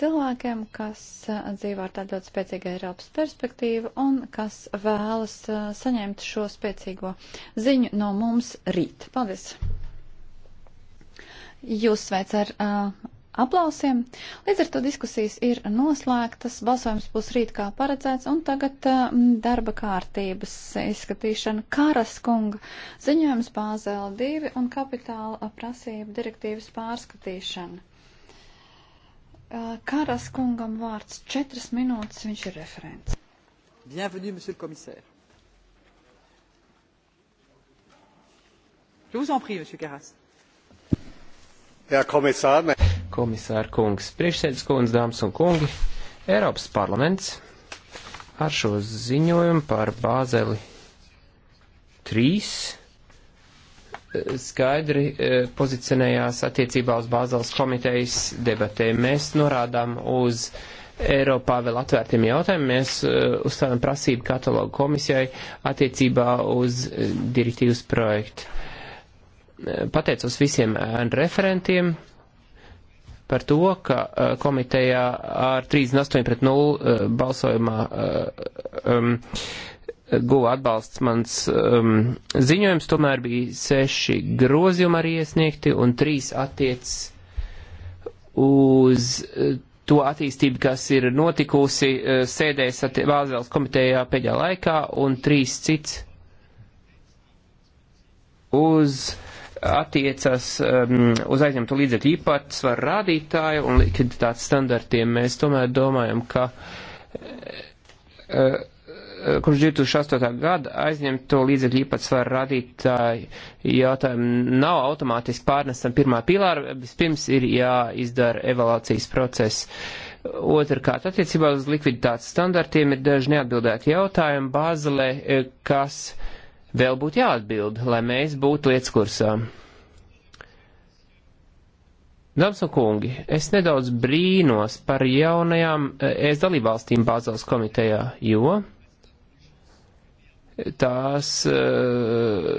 Cilvēkiem, kas uh, dzīvo ar tādu ļoti spēcīgu Eiropas perspektīvu un kas vēlas uh, saņemt šo spēcīgo ziņu no mums rīt. Paldies! Jūs sveic ar uh, aplausiem. Līdz ar to diskusijas ir noslēgtas, balsojums būs rīt kā paredzēts, un tagad um, darba kārtības izskatīšana Karaskunga ziņojums Bāzēla 2 un kapitāla prasība direktīvas pārskatīšana. Karas kungam vārds četras minūtes, viņš ir referents. Bienvenue, monsieur le commissaire. Je vous en prie, monsieur Karas. Jā, komisār. Ne... Komisār kungs, priekšsēdus kundz, dāmas un kungi, Eiropas parlaments ar šo ziņojumu par Bāzeli 3 skaidri e, pozicionējās attiecībā uz Bāzeles komitejas debatēm. Mēs norādām uz Eiropā vēl atvērtiem jautājumiem, mēs e, uzstādām prasību katalogu komisijai attiecībā uz e, direktīvas projektu. Pateicos visiem referentiem par to, ka komitejā ar 38 pret 0 balsojumā um, guva atbalsts mans um, ziņojums, tomēr bija seši grozījumi arī iesniegti un trīs attiec uz uh, to attīstību, kas ir notikusi uh, sēdēs Vāzēlas komitejā pēdējā laikā un trīs cits uz attiecas um, uz aizņemtu līdzekļu īpatsvaru rādītāju un likviditātes standartiem. Mēs tomēr domājam, ka uh, Eh, kopš 2008. gada aizņemto līdzekļu īpatsvaru radītāju jautājumu nav automātiski pārnesam pirmā pilāra, vispirms ir jāizdara evalācijas process. Otrakārt, attiecībā uz likviditātes standartiem ir daži neatbildēti jautājumi bāzelē, eh, kas vēl būtu jāatbild, lai mēs būtu lietas kursā. Dāmas un kungi, es nedaudz brīnos par jaunajām eh, ES dalībvalstīm Bāzeles komitejā, jo tās eh,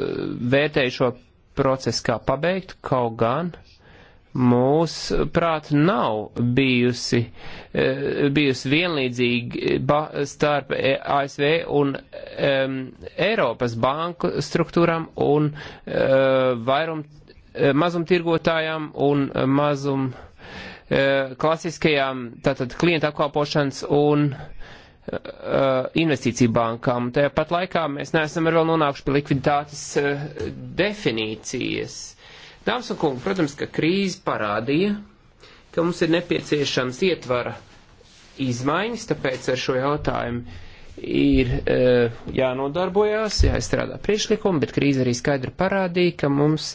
vērtēja šo procesu kā pabeigtu, kaut gan mūs prāt nav bijusi, eh, bijusi vienlīdzīgi starp e, ASV un um, Eiropas banku struktūram un uh, vairum mazumtirgotājām un mazum uh, klasiskajām tātad klienta apkalpošanas un uh, Uh, investīciju bankām. Tāpat laikā mēs neesam vēl nonākuši pie likviditātes uh, definīcijas. Dāmas un kungi, protams, ka krīze parādīja, ka mums ir nepieciešams ietvara izmaiņas, tāpēc ar šo jautājumu ir uh, jānodarbojās, jāizstrādā priekšlikumi, bet krīze arī skaidri parādīja, ka mums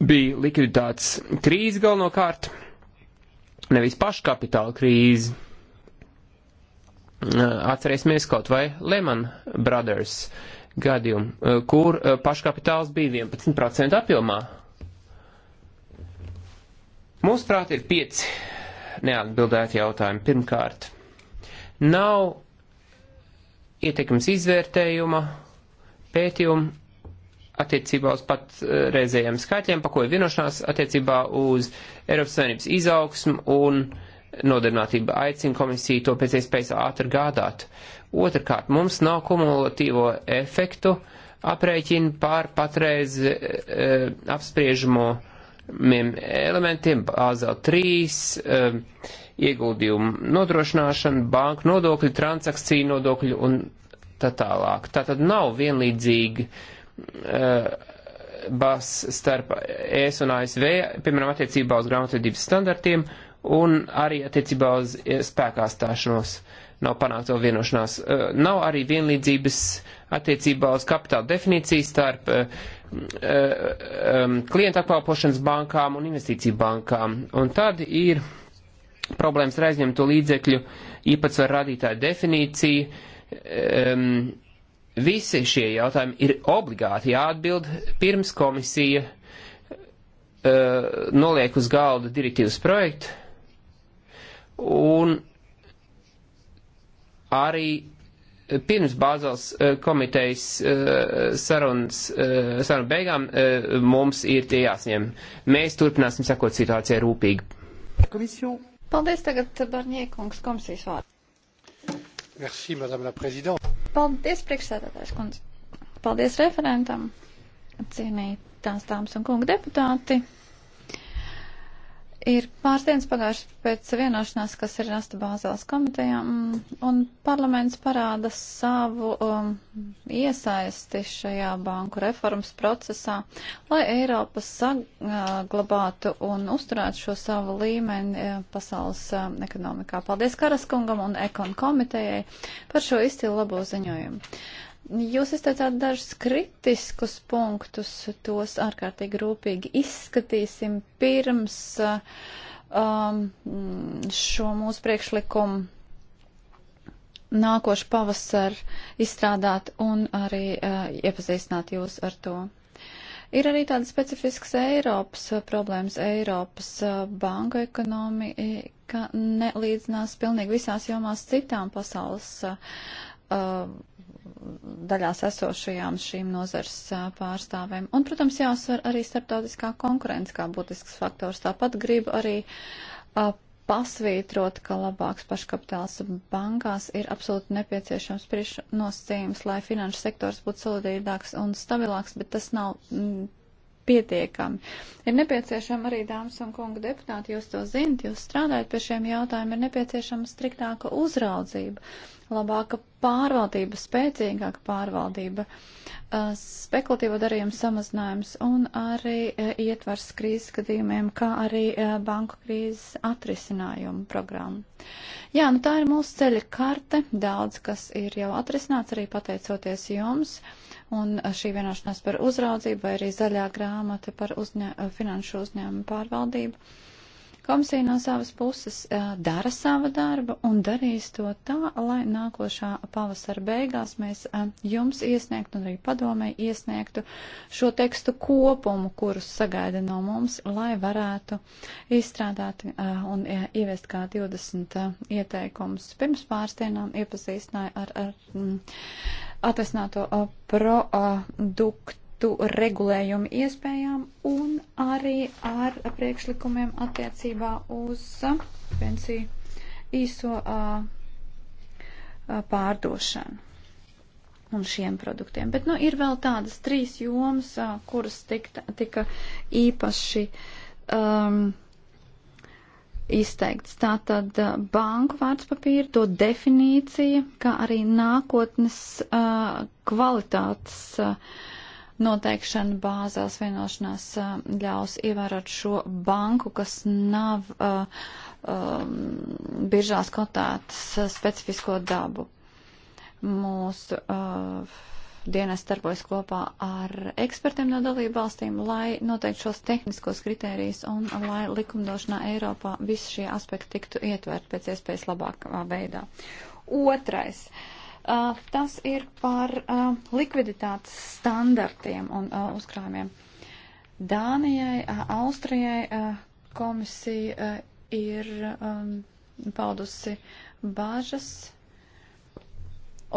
bija likviditātes krīze galvenokārt, nevis paškapitāla krīze Atcerēsimies kaut vai Lehman Brothers gadījumu, kur paškapitāls bija 11% apjomā. Mūsuprāt, ir pieci neatbildēti jautājumi. Pirmkārt, nav ietekmes izvērtējuma pētījuma attiecībā uz patreizējiem skaitļiem, pa ko ir vienošanās attiecībā uz Eiropas Savienības izaugsmu un uh, nodarbinātība aicina komisiju to pēc iespējas ātri gādāt. Otrakārt, mums nav kumulatīvo efektu aprēķinu pār patreiz e, e apspriežamiem elementiem, bāzēl 3, e, ieguldījumu nodrošināšana, banku nodokļu, transakciju nodokļu un tā tālāk. Tā tad nav vienlīdzīgi. E, Bas starp ES un ASV, piemēram, attiecībā uz grāmatvedības standartiem, uh, un arī attiecībā uz e, spēkā stāšanos nav panākto vienošanās. E, nav arī vienlīdzības attiecībā uz kapitāla definīciju starp e, klienta apkalpošanas bankām un investīciju bankām. Un tad ir problēmas ar aizņemto līdzekļu īpatsvaru radītāju definīciju. Visi šie jautājumi ir obligāti jāatbild pirms komisija noliek uz galda direktīvas projektu Un arī pirms Bāzels eh, komitejas eh, sarunas, eh, sarunu beigām mums ir tie jāsņem. Mēs turpināsim sekot situācijai rūpīgi. Komisiju. Paldies tagad Barņiekungs komisijas vārdu. Merci, madame la présidente. Paldies, priekšsēdētājs kundze. Paldies referentam, cienītās dāmas un kungu deputāti. Ir pāris dienas pagājušas pēc vienošanās, kas ir rasta Bāzēlas komitejā, mm, un parlaments parāda savu um, iesaisti šajā banku reformas procesā, lai Eiropa saglabātu un uzturētu šo savu līmeni eh, pasaules um, ekonomikā. Paldies Karaskungam un Ekon komitejai par šo izcilu labo ziņojumu. Uh, Jūs izteicāt dažus kritiskus punktus, tos ārkārtīgi rūpīgi izskatīsim pirms uh, um, šo mūsu priekšlikumu nākošu pavasaru izstrādāt un arī uh, iepazīstināt jūs ar to. Ir arī tāda specifisks Eiropas uh, problēmas. Eiropas uh, banka ekonomika nelīdzinās pilnīgi visās jomās citām pasaules uh, daļās esošajām šīm nozars pārstāvēm. Un, protams, jāsver arī starptautiskā konkurence kā būtisks faktors. Tāpat gribu arī a, pasvītrot, ka labāks paškapitāls bankās ir absolūti nepieciešams priekšnosacījums, lai finanšu sektors būtu solidīgāks un stabilāks, bet tas nav m, pietiekami. Ir nepieciešama arī, dāmas un kungi deputāti, jūs to zinat, jūs strādājat pie šiem jautājumiem, ir nepieciešama striktāka uzraudzība labāka pārvaldība, spēcīgāka pārvaldība, uh, spekulatīvo darījumu samazinājums un arī uh, ietvars krīzes gadījumiem, kā arī uh, banku krīzes atrisinājumu programmu. Jā, nu tā ir mūsu ceļa karte, daudz kas ir jau atrisināts arī pateicoties jums. Un šī vienošanās par uzraudzību vai arī zaļā grāmata par uzņē, finanšu uzņēmumu pārvaldību. Uh, Komisija no savas puses dara savu darbu un darīs to tā, lai nākošā pavasara beigās mēs jums iesniegtu un arī padomē iesniegtu šo tekstu kopumu, kurus sagaida no mums, lai varētu izstrādāt un ieviest kā 20 ieteikumus. Pirms pāris dienām iepazīstināja ar, ar mm, atvesināto produktu tu regulējumu iespējām un arī ar priekšlikumiem attiecībā uz pensiju īso pārdošanu un šiem produktiem. Bet nu, ir vēl tādas trīs jomas, kuras tika, tika īpaši um, izteikts. Tātad banku vārdspapīra, to definīcija, kā arī nākotnes uh, kvalitātes. Uh, noteikšana bāzēls vienošanās eh, ļaus ievērot šo banku, kas nav uh, um, biržās kotētas eh, specifisko dabu. Mūsu uh, dienas darbojas kopā ar ekspertiem no dalību valstīm, lai noteikti šos tehniskos kritērijus un lai likumdošanā Eiropā visi šie aspekti tiktu ietverti pēc iespējas labākā veidā. Otrais. Uh, Tas ir par likviditātes standartiem un uzkrājumiem. Dānijai, Austrijai komisija ir paudusi bāžas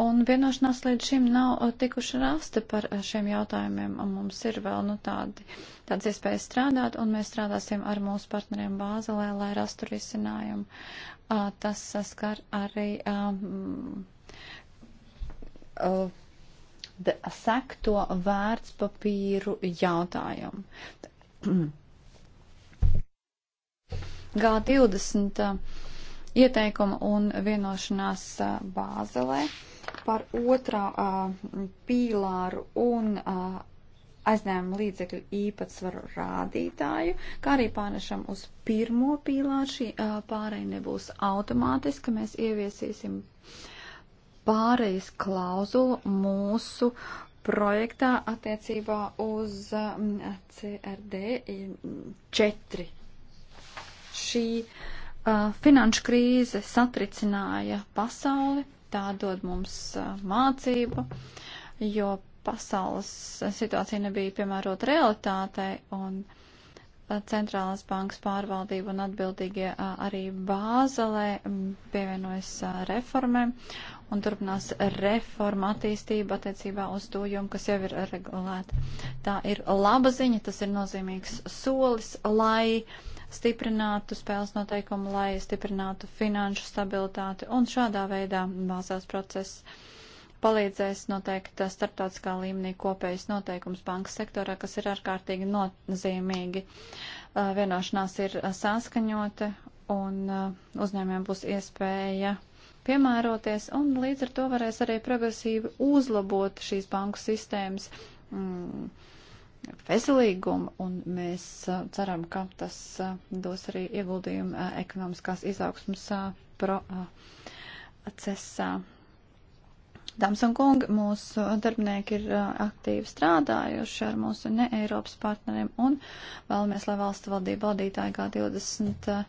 Un vienošanās līdz šim nav tikuši rasta par šiem jautājumiem, un mums ir vēl nu, tādi, tādas iespējas strādāt, un mēs strādāsim ar mūsu partneriem Bāzelē, lai rastu risinājumu. Tas saskar arī um, Uh, sekto vērtspapīru jautājumu. G20 uh, ieteikuma un vienošanās uh, Bāzelē par otrā pīlāru un aizņēmuma līdzekļu īpatsvaru rādītāju, kā arī pārnešam uz pirmo pīlāru. Šī pārēja nebūs automātiska, mēs ieviesīsim uh, pārejas klauzulu mūsu projektā attiecībā uz mm, CRD 4. Šī uh, finanšu krīze satricināja pasauli, tā dod mums uh, mācību, jo pasaules situācija nebija piemērota realitātei un centrālās bankas pārvaldība un atbildīgie arī Bāzelē pievienojas reformēm un turpinās reforma attīstība attiecībā uz to jomu, kas jau ir regulēta. Tā ir laba ziņa, tas ir nozīmīgs solis, lai stiprinātu spēles noteikumu, lai stiprinātu finanšu stabilitāti un šādā veidā bāzās process palīdzēs noteikt starptautiskā līmenī kopējas noteikums bankas sektorā, kas ir ārkārtīgi nozīmīgi. Vienošanās ir saskaņota un uh, uzņēmējiem būs iespēja piemēroties, un līdz ar to varēs arī progresīvi uzlabot šīs banku sistēmas mm, veselīgumu, un mēs uh, ceram, ka tas uh, dos arī ieguldījumu uh, ekonomiskās izaugsmas uh, procesā. Uh, Dāmas un kungi, mūsu darbinieki ir aktīvi strādājuši ar mūsu ne Eiropas partneriem un vēlamies, lai valstu valdība vadītāji kā 20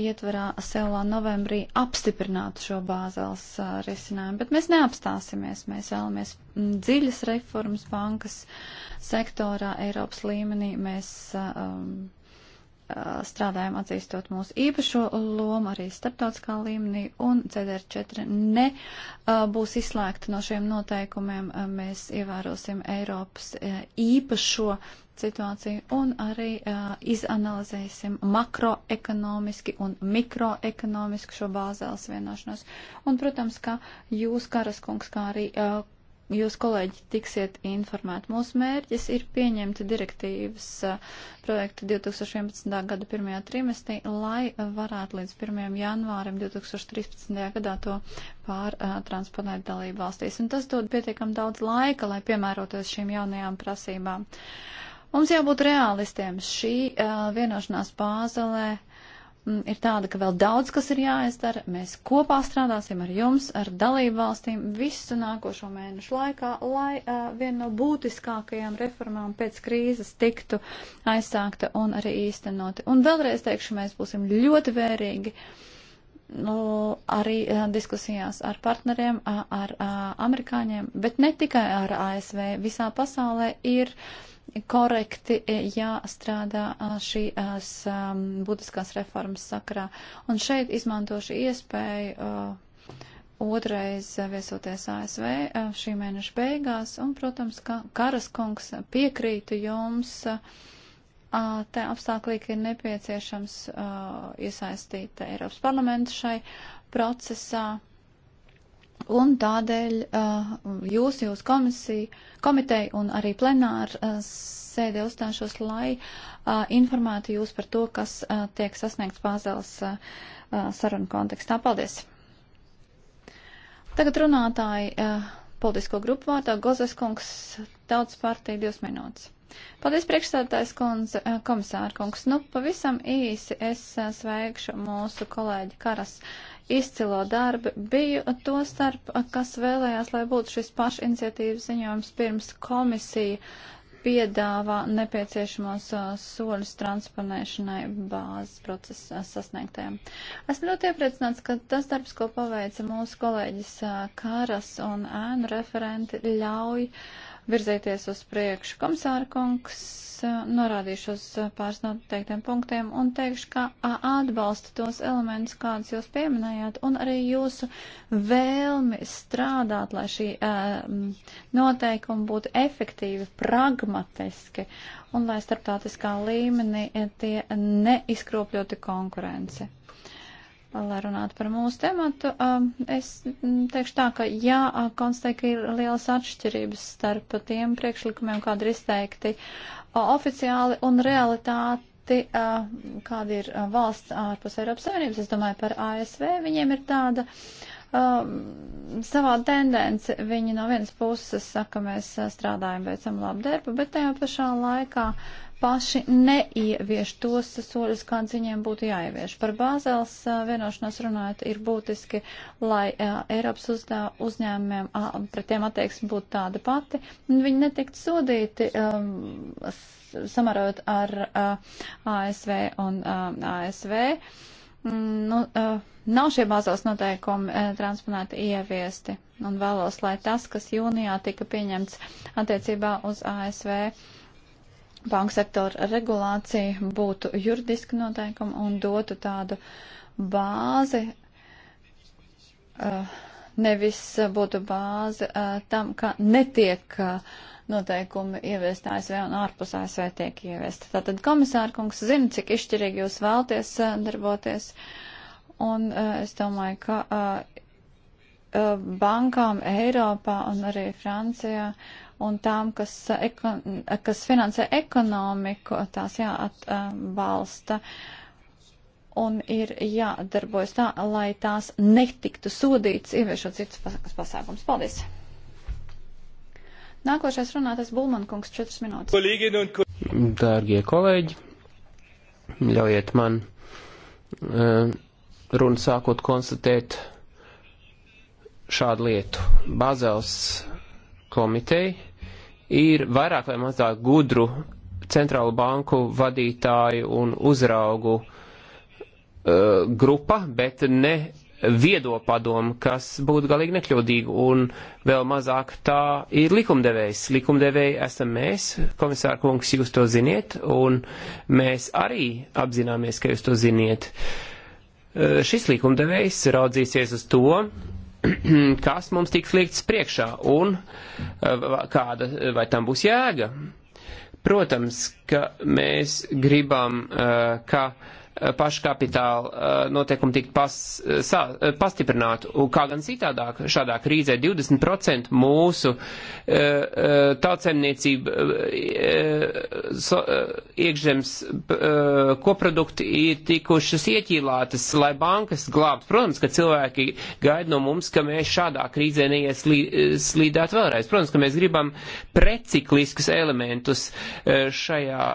ietvarā Seulā novembrī apstiprināt šo bāzels uh, risinājumu. Bet mēs neapstāsimies, mēs vēlamies dziļas reformas bankas sektorā Eiropas līmenī. Mēs um, strādājam atzīstot mūsu īpašo lomu arī starptautiskā līmenī un CDR4 ne uh, būs izslēgta no šiem noteikumiem. Mēs ievērosim Eiropas uh, īpašo situāciju un arī uh, izanalizēsim makroekonomiski un mikroekonomiski šo bāzēles vienošanos. Un, protams, ka jūs, Karaskungs, kā arī uh, jūs kolēģi tiksiet informēti. Mūsu mērķis ir pieņemt direktīvas projektu 2011. gada pirmajā trimestrī, lai varētu līdz 1. janvārim 2013. gadā to pārtransponēt dalību valstīs. Un tas dod pietiekam daudz laika, lai piemērotos šīm jaunajām prasībām. Uh, Mums jābūt realistiem. Šī uh, vienošanās pāzelē mm, ir tāda, ka vēl daudz kas ir jāizdara. Mēs kopā strādāsim ar jums, ar dalību valstīm visu nākošo mēnešu laikā, lai uh, viena no būtiskākajām reformām pēc krīzes tiktu aizsākta un arī īstenoti. Un vēlreiz teikšu, mēs būsim ļoti vērīgi. Nu, arī uh, diskusijās ar partneriem, uh, ar uh, amerikāņiem, bet ne tikai ar ASV. Visā pasaulē ir uh, korekti e, jāstrādā šīs būtiskās reformas sakarā. Un šeit izmantošu iespēju otrais viesoties ASV šī mēneša beigās, un, protams, ka Karaskungs piekrītu jums, te apstākļi, ka ir nepieciešams iesaistīt Eiropas parlamentu šai procesā Un tādēļ uh, jūs, jūs komisija, komiteja un arī plenāra uh, sēdē uzstāšos, lai uh, informētu jūs par to, kas tiek sasniegts Pāzēles sarunu kontekstā. Paldies! Tagad runātāji politisko grupu vārdā Gozes kungs, Tautas partija, divas minūtes. Paldies, priekšstādātājs kundze, komisāra kungs. Nu, pavisam īsi es sveikšu mūsu kolēģi Karas izcilo darbu. Biju to starp, kas vēlējās, lai būtu šis pašiniciatīvas ziņojums pirms komisija piedāvā nepieciešamos uh, soļus transponēšanai bāzes procesa uh, sasniegtajam. Esmu ļoti iepriecināts, ka tas darbs, ko paveica mūsu kolēģis uh, Kāras un ēnu referenti, ļauj uh, virzīties uz priekšu. Komisāra kungs norādīšu uz pāris noteiktiem punktiem un teikšu, ka atbalsta tos elementus, kādus jūs pieminējāt, un arī jūsu vēlmi strādāt, lai šī noteikuma būtu efektīvi, pragmatiski un lai starptautiskā līmenī tie neizkropļoti konkurenci lai runātu par mūsu tematu, es teikšu tā, ka jā, konstatēju, ka ir lielas atšķirības starp tiem priekšlikumiem, kādi ir izteikti oficiāli un realitāti, kāda ir valsts ārpus Eiropas Savienības. Es domāju par ASV, viņiem ir tāda. Savā tendence viņi no vienas puses saka, mēs strādājam, veicam labu darbu, bet tajā pašā laikā uh, paši neievieš tos soļus, kāds viņiem būtu jāievieš. Par Bāzēlas vienošanos runājot, ir būtiski, lai Eiropas uzdā, uzņēmumiem pret tiem attieksme būtu tāda pati. Viņi netikt sodīti um, samarot ar uh, ASV un uh, ASV. Nu, uh, nav šie bāzās noteikumi uh, transponēti ieviesti un vēlos, lai tas, kas jūnijā tika pieņemts attiecībā uz ASV, uh, banku sektora regulācija būtu juridiski noteikumi un dotu tādu bāzi, eh, nevis būtu bāzi eh, tam, ka netiek eh, noteikumi ieviest ASV un ārpus ASV tiek ieviest. Tātad komisārkungs zina, cik izšķirīgi jūs vēlties darboties, un es domāju, ka bankām Eiropā un arī Francijā uh, un tām, kas, eh, eko, kas finansē ekonomiku, tās jāatbalsta. Eh, un ir jādarbojas tā, lai tās netiktu sodīts, ieviešot citus pasākums. Paldies! Nākošais runātais Bulmankungs, 4 minūtes. Dārgie kolēģi, ļaujiet man eh, runu sākot konstatēt šādu lietu. Bāzels komiteja ir vairāk vai mazāk gudru centrālu banku vadītāju un uzraugu uh, grupa, bet ne viedo padomu, kas būtu galīgi nekļūdīgi, un vēl mazāk tā ir likumdevējs. Likumdevēji esam mēs, komisāra kungs, jūs to ziniet, un mēs arī apzināmies, ka jūs to ziniet. Uh, šis likumdevējs raudzīsies uz to, kas mums tiks liekts priekšā un eh, kāda vai tam būs jēga. Protams, ka mēs gribam, eh, ka Eh, paškapitāla eh, noteikumi tikt pas, eh, sā, pastiprināt. Un kā gan citādāk, šādā krīzē 20% mūsu tautsemniecība so, iekšzemes koprodukti ir tikušas ieķīlātas, lai bankas glābtu. Protams, ka cilvēki gaida no mums, ka mēs šādā krīzē neieslīdētu vēlreiz. Protams, ka mēs gribam precikliskus elementus šajā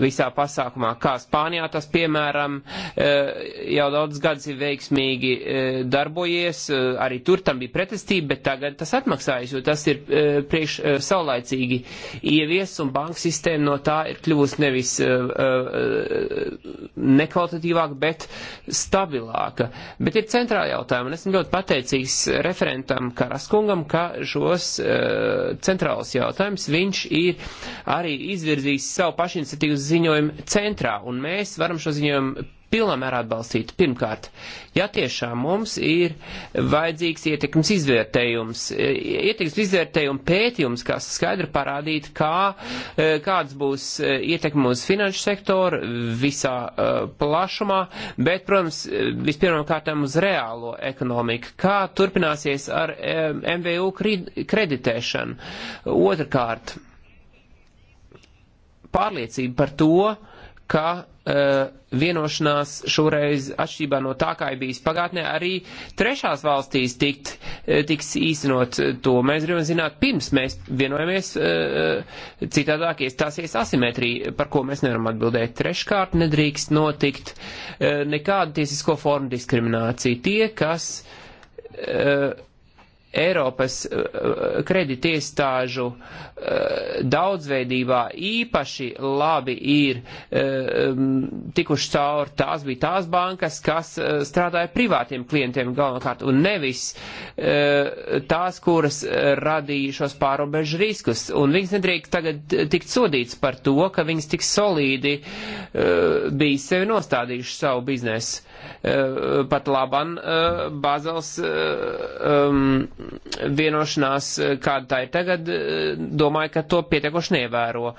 visā pasākumā, kā Spānijā tas, piemēram, eh, jau daudz gadus ir veiksmīgi eh, darbojies, eh, arī tur tam bija pretestība, bet tagad tas atmaksājas, jo tas ir priekš saulaicīgi ievies, un banka sistēma no tā ir kļuvusi nevis nekvalitatīvāka, bet stabilāka. Bet ir centrāla jautājuma, un esmu ļoti pateicīgs referentam Karaskungam, ka šos centrālos jautājumus viņš ir arī izvirzījis savu pašiniciatīvu ziņojuma centrā, un mēs varam šo ziņojumu pilnā mērā atbalstīt. Pirmkārt, ja tiešām mums ir vajadzīgs ietekmes izvērtējums, e, ietekmes izvērtējuma pētījums, kas skaidri parādītu, kā, e, kāds būs e, ietekme uz finanšu sektoru visā plašumā, bet, protams, vispirmām kārtām uz reālo ekonomiku, kā turpināsies ar MVU kreditēšanu. Otrakārt, pārliecība par to, ka uh, vienošanās šoreiz atšķirībā no tā, kā ir bijis pagātnē, arī trešās valstīs tikt, e, tiks īstenot to. Mēs gribam zināt, pirms mēs vienojamies, uh, citādāk iestāsies asimetrija, par ko mēs nevaram atbildēt. Treškārt nedrīkst notikt uh, nekāda tiesisko formu diskriminācija. Tie, kas. Uh, Eiropas eh, eh, kreditiestāžu eh, daudzveidībā īpaši labi ir tikuši cauri tās bija tās bankas, kas strādāja privātiem klientiem galvenokārt un nevis tās, kuras radīja šos pārobežu riskus. Un viņas nedrīkst tagad tikt sodīts par to, ka viņas tik solīdi bija sevi nostādījuši savu biznesu Eh, pat laban eh, Bāzels eh, vienošanās, kāda tā ir tagad, domāju, ka to pietiekoši nevēro,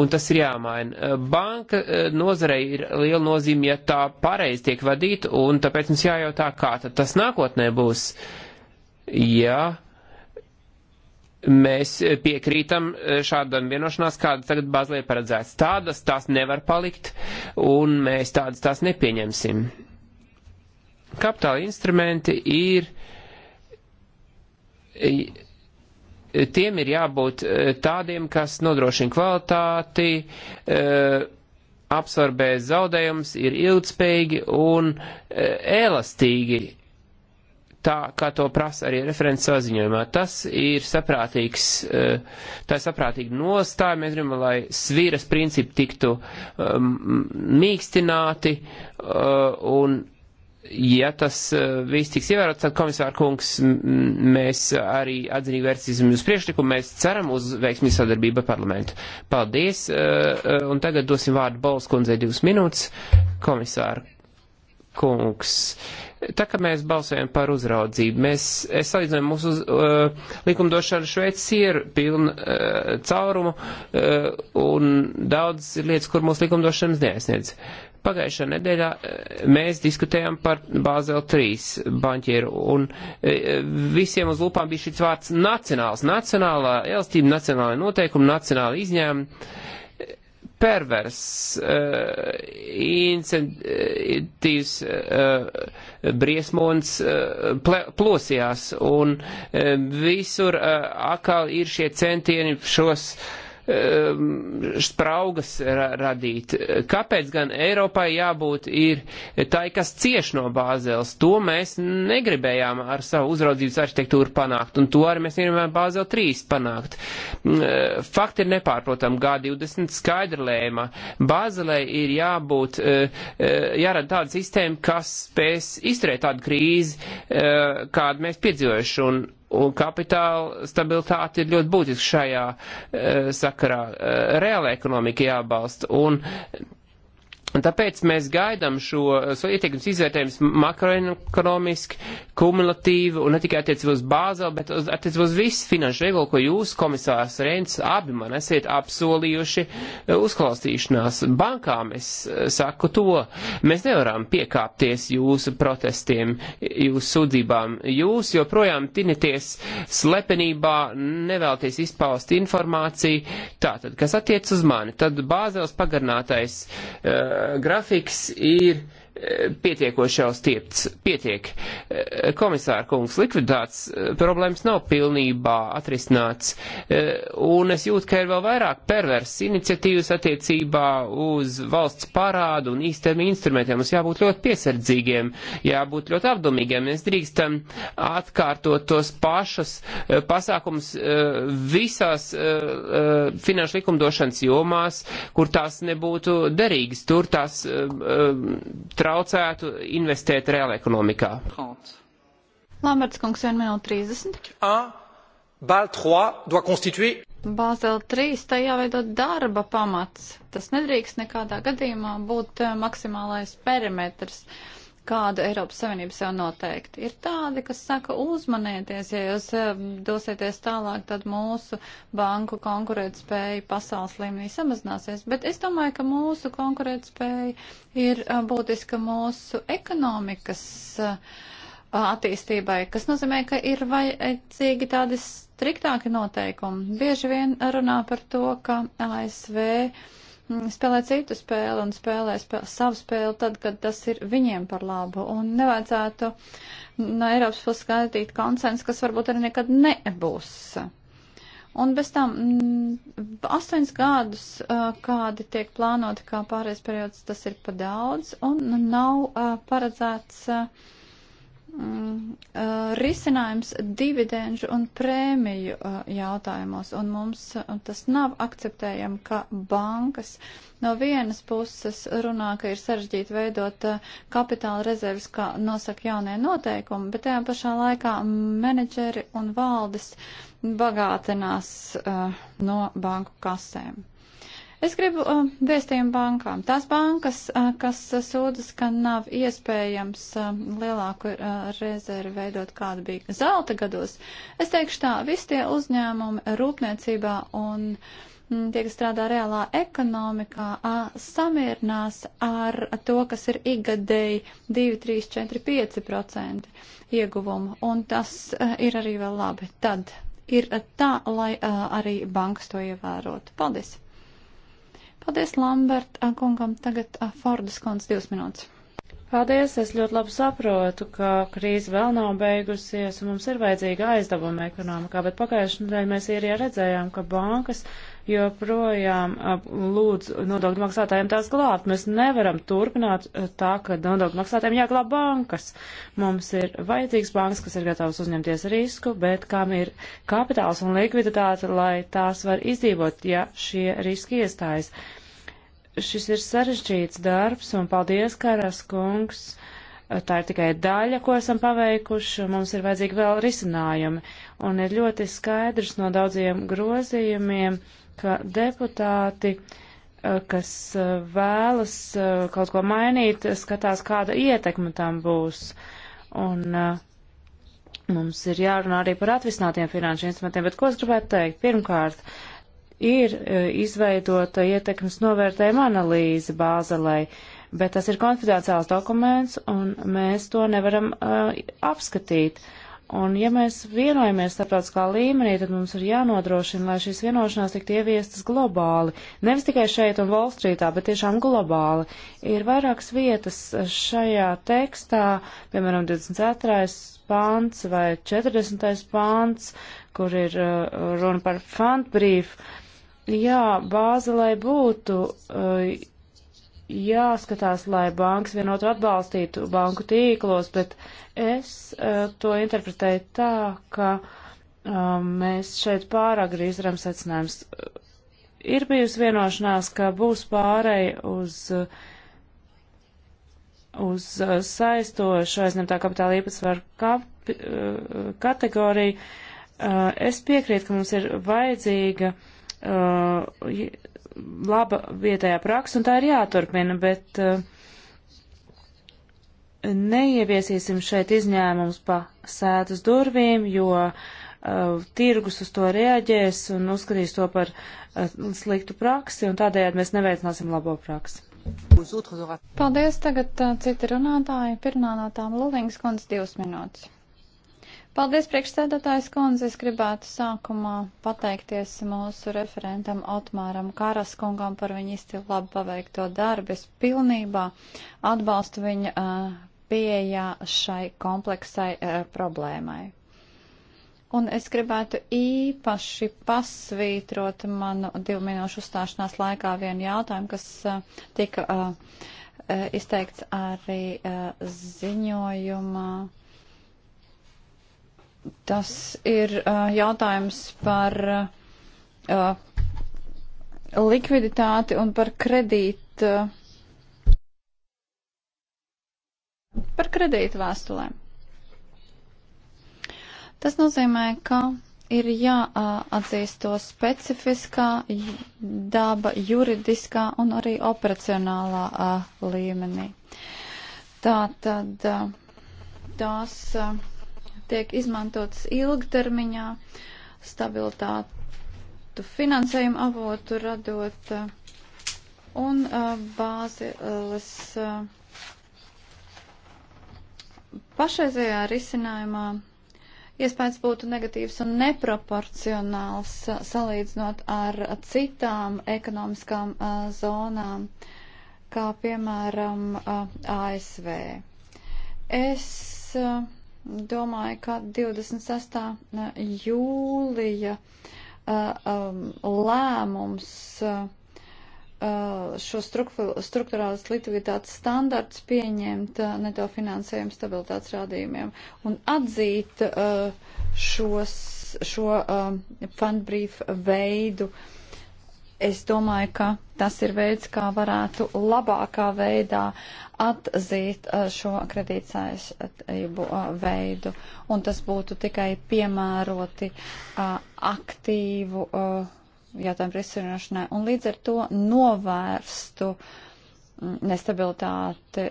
un tas ir jāmaina. Banka nozarei ir liela nozīme, ja tā pareizi tiek vadīta, un tāpēc mums jājautā, kā tad tas nākotnē būs. Jā. Mēs piekrītam šādam vienošanās, kāda tagad Bazlē paredzēts. Tādas tās nevar palikt, un mēs tādas tās nepieņemsim kapitāla instrumenti ir, tiem ir jābūt e, tādiem, kas nodrošina kvalitāti, e, absorbē zaudējums, ir ilgspējīgi un e, elastīgi, tā, kā to prasa arī referents saziņojumā. Tas ir saprātīgs, tā ir saprātīga nostāja. Mēs gribam, lai svīras principi tiktu um, mīkstināti uh, un ja tas eh, viss tiks ievērots, tad komisāra kungs, mēs arī atzinīgi vērtīsim jūs priekšlikumu, mēs ceram uz veiksmīgu sadarbību ar parlamentu. Paldies, eh, eh, un tagad dosim vārdu Bols kundzei divas minūtes. Komisāra kungs, tā kā mēs balsojam par uzraudzību, mēs, es salīdzinu mūsu uz, uh, likumdošanu Šveicis ir pilna uh, caurumu, uh, un daudz ir lietas, kur mūsu likumdošanas neaizniedz. Uh, Pagājušā nedēļā eh, mēs diskutējām par Bāzeli 3 banķieru, un eh, visiem uz lupām bija šis vārds nacionāls, nacionālā elastība, nacionāla noteikuma, nacionāla izņēmuma pervers uh, eh, incentīvs uh, briesmons uh, plosījās un uh, visur uh, atkal ir šie centieni šos uh, Um, spraugas ra radīt. Kāpēc gan Eiropai jābūt ir tai, kas cieš no Bāzēles? To mēs negribējām ar savu uzraudzības arhitektūru panākt, un to arī mēs negribējām Bāzēl 3 panākt. Mm, e, fakti ir nepārprotami. G20 skaidri lēma. Bāzelē ir jābūt, e, e, jārada tāda sistēma, kas spēs izturēt tādu krīzi, kādu mēs piedzīvojuši. Un Un kapitāla stabilitāte ir ļoti būtiska šajā e, sakarā. E, reāla ekonomika jābalsta. Un Un tāpēc mēs gaidām šo, šo eh, ietekmes izvērtējumu makroekonomiski, kumulatīvi un ne tikai attiecībā uz bāzeli, bet uz, attiecībā uz visu finanšu regulu, ko jūs, komisārs Rēns, abi man esiet apsolījuši eh, uzklausīšanās. Bankām es eh, saku to, mēs nevaram piekāpties jūsu protestiem, jūsu sūdzībām. Jūs joprojām tinaties slepenībā, nevēlties izpaust informāciju. Tātad, kas attiec uz mani, tad bāzels pagarnātais. Uh, grafiks ir uh, pietiekoši jau stiepts. Pietiek. Komisāra kungs, likvidāts problēmas nav pilnībā atrisināts, un es jūtu, ka ir vēl vairāk perversas iniciatīvas attiecībā uz valsts parādu un īstermiņa instrumentiem. Mums jābūt ļoti piesardzīgiem, jābūt ļoti apdomīgiem. Mēs drīkstam atkārtot tos pašus eh, pasākums eh, visās eh, finanšu likumdošanas jomās, kur tās nebūtu derīgas. Tur tās tra traucētu investēt reāli ekonomikā. Lamberts kungs, 1 minūte 30. Un, bal 3 doit constituer Bāzela 3 tā jāveido darba pamats. Tas nedrīkst nekādā gadījumā būt eh, maksimālais perimetrs. Uh, kādu Eiropas Savienību sev noteikti. Ir tādi, kas saka, uzmanieties, ja jūs dosieties tālāk, tad mūsu banku konkurētspēja pasaules līmenī samazināsies. Bet es domāju, ka mūsu konkurētspēja ir būtiska mūsu ekonomikas attīstībai, kas nozīmē, ka ir vajadzīgi tādi striktāki noteikumi. Bieži vien runā par to, ka ASV Mm, spēlē citu spēli un spēlē spēl, savu spēli tad, kad tas ir viņiem par labu. Un nevajadzētu no Eiropas puses gaidīt konsensus, kas varbūt arī nekad nebūs. Un bez tam mm, astoņus gadus, kādi tiek plānoti kā pārējais periods, tas ir pa daudz un nav paredzēts. Uh, Mm, uh, risinājums dividenžu un prēmiju uh, jautājumos, un mums uh, tas nav akceptējami, ka bankas no vienas puses runā, ka ir sarežģīti veidot kapitāla rezerves, kā nosaka jaunie noteikumi, bet tajā pašā laikā menedžeri un valdes bagātinās no banku kasēm. Es gribu uh, vēstījumu bankām. Tās bankas, uh, kas uh, sūdzas, ka nav iespējams uh, lielāku uh, rezervi veidot, kāda bija zelta gados, es teikšu tā, visi tie uzņēmumi rūpniecībā un mm, tie, kas strādā reālā ekonomikā, uh, samierinās ar to, kas ir igadēji 2, 3, 4, 5 procenti ieguvumu. Un tas uh, ir arī vēl labi. Tad ir tā, lai uh, arī bankas to ievērotu. Paldies! Paldies, Lambert kungam. Tagad Fordas konts divas minūtes. Paldies, es ļoti labi saprotu, ka krīze vēl nav beigusies un mums ir vajadzīga aizdevuma ekonomikā, bet pagājušajā nedēļā mēs īrijā redzējām, ka bankas joprojām lūdz nodokļu maksātājiem tās glābt. Mēs nevaram turpināt tā, ka nodokļu maksātājiem jāglāb bankas. Mums ir vajadzīgs bankas, kas ir gatavs uzņemties risku, bet kam ir kapitāls un likviditāte, lai tās var izdzīvot, ja šie riski iestājas. Uh, šis ir sarežģīts darbs, un paldies, Karas kungs. Tā ir tikai daļa, ko esam paveikuši, mums ir vajadzīgi vēl risinājumi. Un ir ļoti skaidrs no daudziem grozījumiem, ka deputāti, eh, kas eh, vēlas eh, kaut ko mainīt, skatās, kāda ietekme tam būs. Un mums ir jārunā arī par atvisinātiem finanšu instrumentiem, bet ko es gribētu teikt? Pirmkārt, uh, ir e, izveidota ietekmes novērtējuma analīze Bāzelē, bet tas ir konfidenciāls dokuments, un mēs to nevaram uh, apskatīt. Un ja mēs vienojamies starptautiskā līmenī, tad mums ir jānodrošina, lai šīs vienošanās tiktu ieviestas globāli. Nevis tikai šeit un Volstrītā, bet tiešām globāli. Ir vairākas vietas šajā tekstā, piemēram, 24. pāns vai 40. pāns, kur ir uh, runa par fantbrīfu Jā, Bāzelē būtu eh, jāskatās, lai bankas vienotu atbalstītu banku tīklos, bet es eh, to interpretēju tā, ka eh, mēs šeit pārāk arī izram secinājums. Ir bijusi vienošanās, ka būs pārēj uz uz saistošu aizņemtā kapitāla īpatsvaru kap, kategoriju. Es piekrītu, ka mums ir vajadzīga uh, uh, laba vietējā praksa, un tā ir jāturpina, bet uh, neieviesīsim šeit izņēmums pa sētas durvīm, jo uh, tirgus uz to reaģēs un uzskatīs to par uh, sliktu praksi, un tādējādi mēs neveicināsim labo praksi. Paldies, tagad uh, citi runātāji. Pirmā no tām Lulīngas kundze divas minūtes. Paldies, priekšsēdētājs kundze. Es gribētu sākumā pateikties mūsu referentam Otmāram Karaskungam par viņa izcilu labu paveikto darbu. Es pilnībā atbalstu viņa uh, pieejā šai kompleksai uh, problēmai. Un es gribētu īpaši pasvītrot manu divu minūšu uzstāšanās laikā vienu jautājumu, kas uh, tika uh, izteikts arī uh, ziņojumā. Uh, Tas ir uh, jautājums par uh, likviditāti un par kredīt, uh, par kredītu vēstulēm. Tas nozīmē, ka ir jāatzīst to specifiskā daba juridiskā un arī operacionālā a, līmenī. Tā tad a, tās. A, tiek izmantotas ilgtermiņā, stabilitātu finansējumu avotu radot un bāzes pašreizējā risinājumā iespējams būtu negatīvs un neproporcionāls salīdzinot ar citām ekonomiskām a, zonām, kā piemēram a, ASV. Es a, domāju, ka 26. Eh, jūlija eh, eh, lēmums šo struktūrālas likviditātes standarts pieņemt neto finansējumu stabilitātes rādījumiem un atzīt šos, šo fundbrīf veidu uh, Es domāju, ka tas ir veids, kā varētu labākā veidā atzīt uh, šo kredītsaistību uh, veidu. Un tas būtu tikai piemēroti uh, aktīvu jautājumu risināšanai. Un līdz ar to novērstu mm, nestabilitāti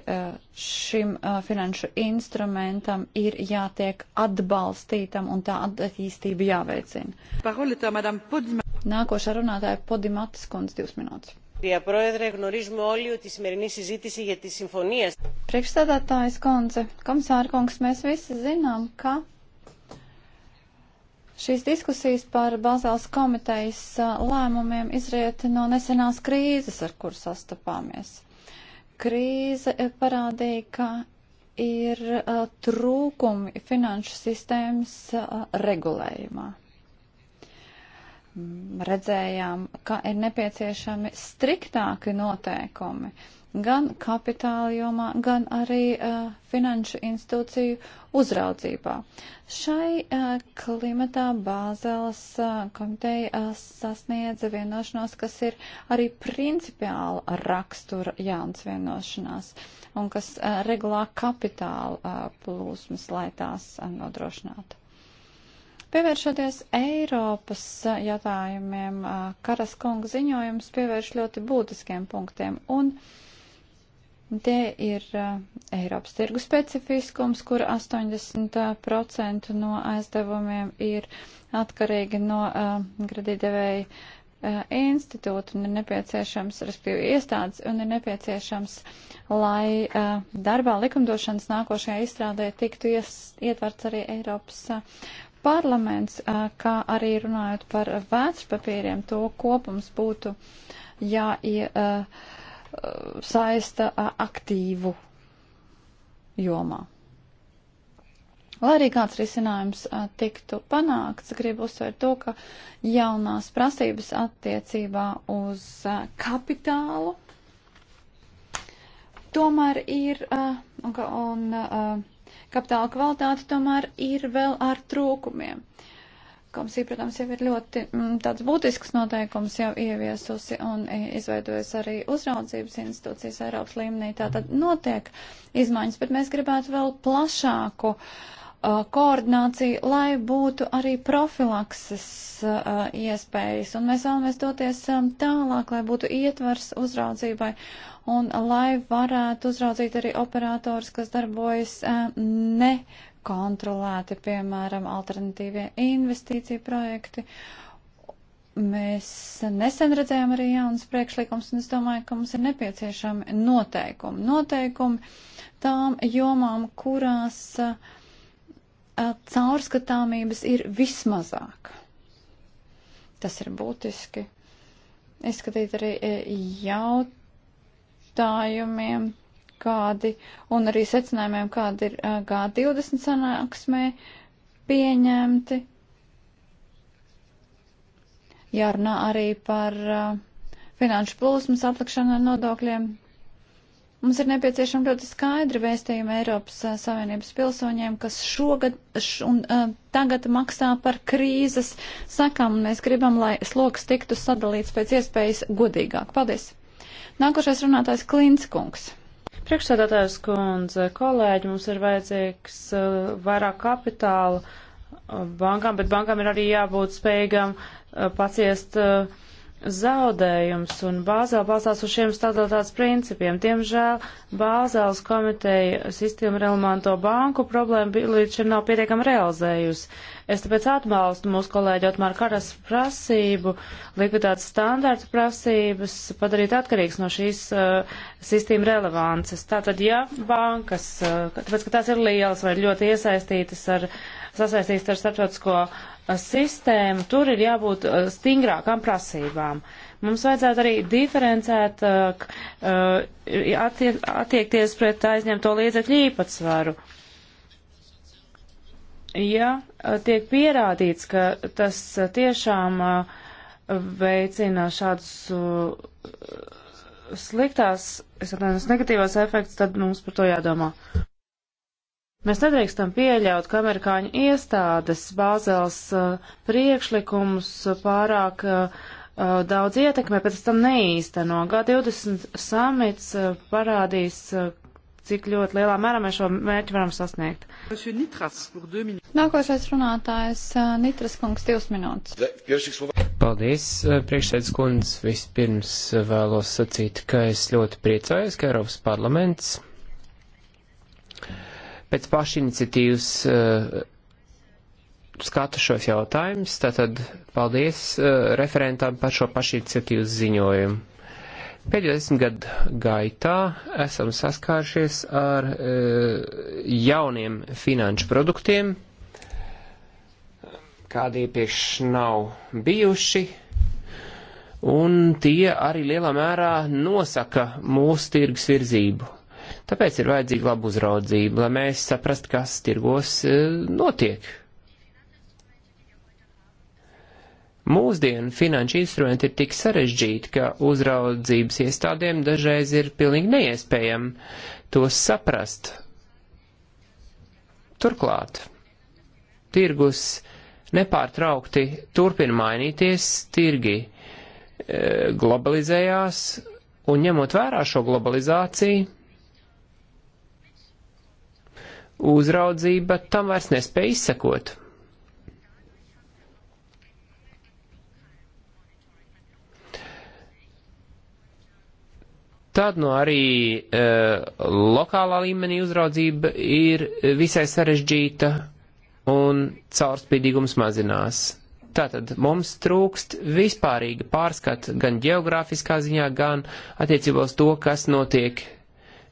šim finanšu instrumentam ir jātiek atbalstītam un tā attīstība jāveicina. Nākošā runātāja Podimatis kundze divas minūtes. Priekšstādātājs kundze, komisāra kungs, mēs visi zinām, ka šīs diskusijas par Bāzēlas komitejas lēmumiem izriet no nesenās krīzes, ar kur sastapāmies. Krīze e, parādīja, ka ir trūkumi finanšu sistēmas regulējumā. Mm, redzējām, ka ir nepieciešami striktāki noteikumi gan kapitāla jomā, gan arī uh, finanšu institūciju uzraudzībā. Šai uh, klimatā Bāzeles uh, eh, komiteja uh, sasniedza vienošanos, kas ir arī principiāla rakstura jauns vienošanās un kas uh, regulā kapitāla uh, plūsmas, lai tās uh, nodrošinātu. Pievēršoties Eiropas jautājumiem, Karaskunga ziņojums pievērš ļoti būtiskiem punktiem, un tie ir Eiropas tirgu specifiskums, kur 80% no aizdevumiem ir atkarīgi no uh, kredītdevēja uh, institūta un ir nepieciešams, respektīvi iestādes, un ir nepieciešams, lai uh, darbā likumdošanas nākošajā izstrādē tiktu ies, ietverts arī Eiropas uh, Parlaments, kā arī runājot par vērtspapīriem, to kopums būtu jāie saista aktīvu jomā. Lai arī kāds risinājums tiktu panākts, gribu uzsvērt to, ka jaunās prasības attiecībā uz kapitālu tomēr ir un, un Kapitāla kvalitāte tomēr ir vēl ar trūkumiem. Komisija, protams, jau ir ļoti m, mm, tāds būtisks noteikums jau ieviesusi un izveidojas arī uzraudzības institūcijas Eiropas līmenī. Tātad notiek izmaiņas, bet mēs gribētu vēl plašāku uh, Uh, koordināciju, lai būtu arī profilakses uh, iespējas. Un mēs vēlamies doties um, tālāk, lai būtu ietvers uzraudzībai un lai varētu uzraudzīt arī operators, kas darbojas uh, nekontrolēti, piemēram, alternatīvie investīcija projekti. Mēs nesen redzējām arī jaunas priekšlikums, un es domāju, ka mums ir nepieciešami noteikumi. Noteikumi tām jomām, kurās uh, Uh, caurskatāmības ir vismazāk. Tas ir būtiski. Izskatīt arī e, jautājumiem, kādi un arī secinājumiem, kādi ir e, G20 sanāksmē pieņemti. Jārunā arī par e, finanšu plūsmas aplikšanu ar nodokļiem, Mums ir nepieciešama ļoti skaidra vēstījuma Eiropas uh, Savienības pilsoņiem, kas šogad š, un uh, tagad maksā par krīzes sakām, un mēs gribam, lai sloks tiktu sadalīts pēc iespējas godīgāk. Paldies! Nākošais runātājs Klinskungs. Priekšsēdētājs kundze, kolēģi, mums ir vajadzīgs uh, vairāk kapitāla bankām, bet bankām ir arī jābūt spējīgam uh, paciest. Uh, zaudējums, un Bāzēla balstās uz šiem stabilitātes principiem. Diemžēl Bāzēlas komiteja sistēma relevanto banku problēmu līdz šim nav pietiekami realizējusi. Es tāpēc atbalstu mūsu kolēģi Otmāra Karas prasību, likvidātas standārta prasības, padarīt atkarīgs no šīs uh, sistēma relevances. Tātad, ja bankas, uh, tāpēc, ka tās ir lielas vai ļoti iesaistītas ar, sasaistītas ar starptautisko uh, sistēmu, tur ir jābūt stingrākām prasībām. Mums vajadzētu arī diferencēt, attie, attiekties pret aizņemto līdzekļu īpatsvaru. Ja tiek pierādīts, ka tas tiešām veicina šādus sliktās, es atvainojos, negatīvos efektus, tad mums par to jādomā. Mēs nedrīkstam pieļaut, ka amerikāņu iestādes bāzēls uh, priekšlikumus pārāk uh, uh daudz ietekmē, pēc tam neīsteno. G20 samits uh, parādīs, uh, cik ļoti lielā mērā mēs šo mērķi varam sasniegt. Nākošais runātājs uh, Nitras kungs, divas minūtes. Paldies, priekšsēdus kundze. Vispirms vēlos sacīt, ka es ļoti priecājos, ka Eiropas parlaments pēc pašiniciatīvas uh, skatu šos jautājumus, tātad paldies uh, referentam par šo pašiniciatīvas ziņojumu. Pēdējo desmit gadu gaitā esam saskāršies ar uh, jauniem finanšu produktiem, kādi iepriekš nav bijuši, un tie arī lielā mērā nosaka mūsu tirgus virzību Tāpēc ir vajadzīga laba uzraudzība, lai mēs saprast, kas tirgos e, notiek. Mūsdienu finanšu instrumenti ir tik sarežģīti, ka uzraudzības iestādēm dažreiz ir pilnīgi neiespējami tos saprast. Turklāt, tirgus nepārtraukti turpina mainīties, tirgi e, globalizējās, un ņemot vērā šo globalizāciju, uzraudzība tam vairs nespēja izsekot. Tad no nu arī e, lokālā līmenī uzraudzība ir visai sarežģīta un caurspīdīgums mazinās. Tātad mums trūkst vispārīga pārskata gan geogrāfiskā ziņā, gan attiecībā uz to, kas notiek